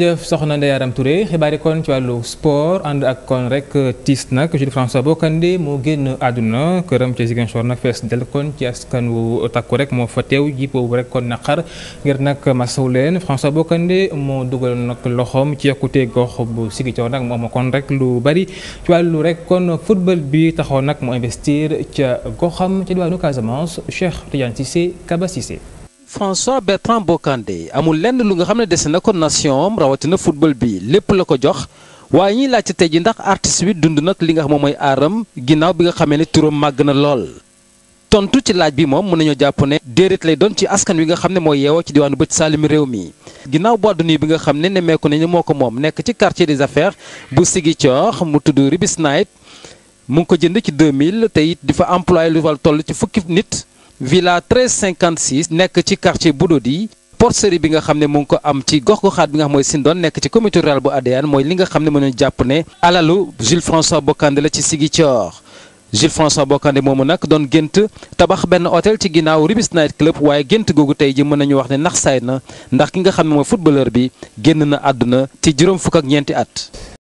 jërëjëf soxna Ndeye Arame Touré xibaar yi kon ci wàllu sport ànd ak kon rek euh, tiis nag Jules François Bocandé moo génn àdduna këram ca Ziguinchor nag fees del kon ci askan wu takku rek moo fa teew jipo boobu rek kon na naqar ngir nag masaw leen François Bocandé moo dugal nag loxoom ci yokkute gox bu Ziguinchor nag mu am kon rek lu bari ci wàllu rek kon football bi taxoon nag mu investir ca goxam ca diwaanu Casamance Cheikh Tidiane Cissé Kaba Cissé. François Bertrand Bocandé amul lenn lu nga xam ne dese na ko nation rawatina football bi lépp la ko jox waaye ñiy laajte tey ji ndax artiste bi dund nag li nga xam moom mooy aaram ginnaaw bi nga xamee ne turam màgg na lool. tontu ci laaj bi moom mën nañoo jàpp ne déedéet lay doon ci askan wi nga xam ne mooy yeewoo ci diwaanu bëj saalum réew mi. ginnaaw boîte de nuit bi nga xam ne nemmeeku nañu moo ko moom nekk ci quartier des affaires bu Ziguinchor mu tudd Ribis Night mu ngi ko jënd ci 2000 te it di fa employé lu ci fukki nit. villa 1356 nekk ci quartier Budodi porcerie bi nga xam ne mu ngi ko am ci gox goxaat bi nga xam mooy Sindone nekk ci comité rural bu ADN mooy li nga xam ne mën nañu jàpp ne alalu Jules François Bocandé la ci Ziguinchor Jules François Bocandé moomu nag doon gént tabax benn hôtel ci ginnaaw Ribis Night Club waaye gént googu tey ji mën nañu wax ne nax saay na ndax ki nga xam ne mooy footballeur bi génn na àdduna ci juróom fukk ak ñeenti at.